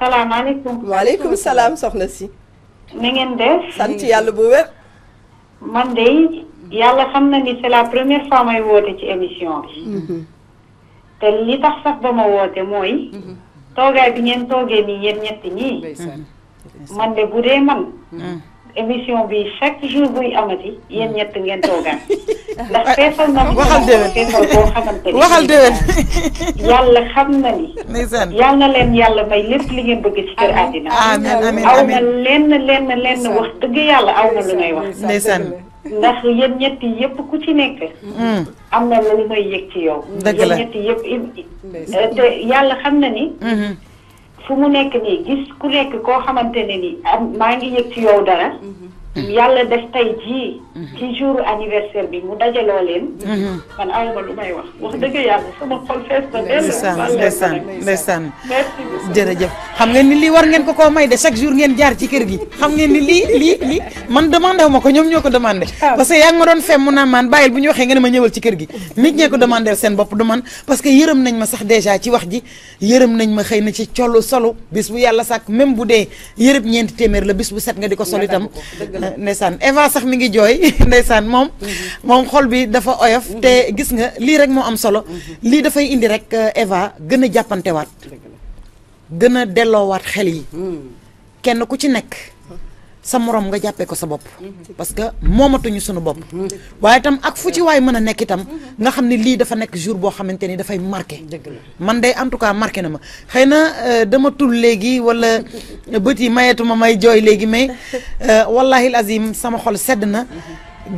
salaamaaleykum. waaleykum salaam soxna si. na ngeen def. sant yàlla bu wér. man de yàlla xam na ni c'est la première fois may woote ci émission bi. Mhm. te li tax sax ba ma woote mooy. Mhm. toogaay bi ngeen toogee nii yéen ñett ñii. man de bu man. Mhm. émission bi chaque jour buy amati yéen ñett ngeen toogaan ndax feesal na waxal déwén feesal boo xamante ni waxal déwén yàlla xam na ni yàlla na leen yàlla may lépp li ngeen bëgg ci kër àddina amiin amiin aw na lenn lenn lenn wax dëgg yàlla aw na lu may wax ndeysaan ndax yéen ñett yëpp ku ci nekk mm. am na lu may yëg ci yow dëgg la yéen ñett yëpp te yàlla xam fu mu nekk nii gis ku nekk koo xamante ne nii am maa ngi yëg ci yow Hmm. yàlla def tey jii. Hmm. ci jour anniversaire bi mu dajaloo leen. Hmm. man aw ma lu may wax wax dëgg yàlla sama xol fees na. ndeysaan ndeysaan ndeysaan jërëjëf xam ngeen ni lii war ngeen ko koo may de chaque jour ngeen jaar ci kër gi xam ngeen ni lii lii lii man demandé wu ma ko ñoom ñoo ko demandé. Ah parce que yaa ngi ma doon fem mu naan maan bàyyil bu ñu waxee nga ne ma ñëwal ci kër gi. nit ñee ko demandé seen bopp du man parce que yërëm nañ ma sax dèjà ci wax ji yërëm nañ ma xëy na ci colu solo bis bu yàlla sàkk même bu dee yërëb ñeenti téeméer la bis bu set nga di ko sol itam ndeysaan Eva sax mi ngi jooy ndeysaan moom mhm. moom xol bi dafa oyof mhm. te gis nga lii rek moo am solo mhm. lii dafay indi rek euh, Eva gën a jàppantewaat gën a delloowaat xel yi kenn ku ci nekk sa morom nga jàppe ko sa bopp mhm. parce que moomatuñu suñu bopp mhm. Mhm. waaye tam ak fu ci waay mën a nekk itam nga xam ne lii dafa nekk jour boo xamante ni dafay marqué man day en tout cas marqué na ma xëy na euh, dama tul léegi wala bët yi mayetuma may jooy léegi mais euh, wallahi azim sama xol sedd na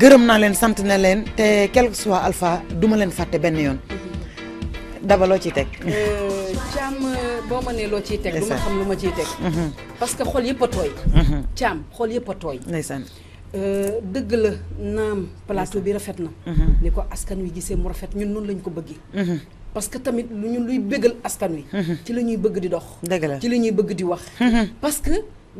gërëm naa leen sant ne leen te quel que soit alpha duma leen fàtte benn yoon ci teg euh, boo ma nee loo ciy teg du ma xam lu ma ciy teg mhm. parce que xol yëpp a tooy mhm. caam xol yëpp a tooy ndeysaan euh, dëgg la naam plateau bi rafet na mhm. ni ko askan wi gisee mu rafet ñun noonu lañ ko bëgg parce que tamit lu ñun luy bëggal askan wi ci la ñuy bëgg di dox dëgg la ci la ñuy bëgg di wax parce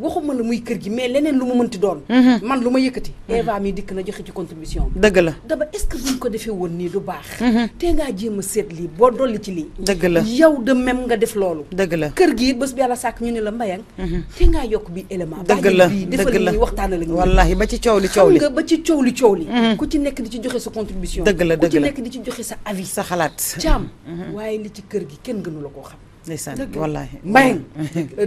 waxuma la muy kër gi mais leneen lu mu mënti doon. Mhm. man lu ma yëkkati. Mhm. Eva mi dikk na joxe ci contribution dëgg la daba est-ce que buñ ko defee woon nii du baax. Mhm. te ngaa jéem a seet lii boo dolli ci lii. dëgg la yow de même nga def loolu. dëgg la kër gi bés bi yàlla sàkk ñu ne la mbayang. te ngaa yokk bi élément. dëgg la dëgg la waxtaan la wallaahi ba ci coow li coow li xam nga ba ci coow li coow li. ku ci nekk di ci joxe sa contribution. dëgg la dëgg la ku ci nekk di ci joxe sa avis. sa xalaat caam waaye li ci kër gi kenn gënu la koo xam ndeysaan wallaahi mbay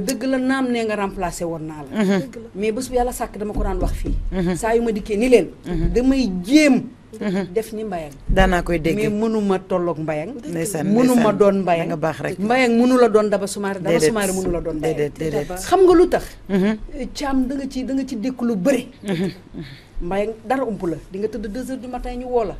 dëgg la naam nee nga remplacé woon naa mhm. la mais bés bu yàlla sàkk dama ko daan wax fii mhm. saa yu ma dikkee ni leen mhm. damay jéem def ni mbayang daanaa koy dégg mais mënuma tolloog mbayang ndeysaan mënuma doon mbayang nga baax rek mbayang mënu la doon daba sumaare daba sumaare mënu doon mbayang xam nga lu tax eh, caam da nga ci da nga ci dékk lu bëri mbayang dara ump la di nga tëdd deux heures du matin ñu woo la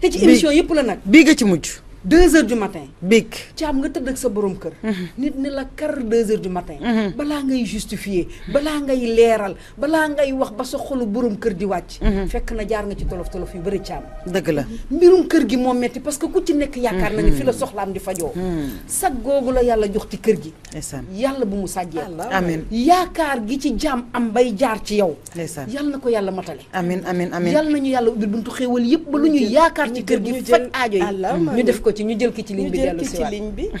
te ci émission yëpp la nag bii nga ci mujj deux heures du matin. big caam nga tëdd ak sa borom kër. Mhm. nit ne la kar deux heures du matin. Mhm. balaa ngay justifier balaa ngay leeral balaa ngay wax ba sa xolu borom kër di wàcc. Mhm. fekk na jaar nga ci tolof tolof yu bëri caam. dëgg la mbirum kër gi moo metti parce que ku ci nekk yaakaar na ni fi la soxlaam di fajoo. sag googu la yàlla jox ci kër gi. yàlla bu mu sàjjee. amiin yaakaar gi ci jaam am bay jaar ci yow. yàlla na ko yàlla matale. amiin amiin amiin yàlla nañu yàlla ubbi buntu xéewal yëpp ci ñu jël ki ci ligne bi dellu si waat ñu jël ki ci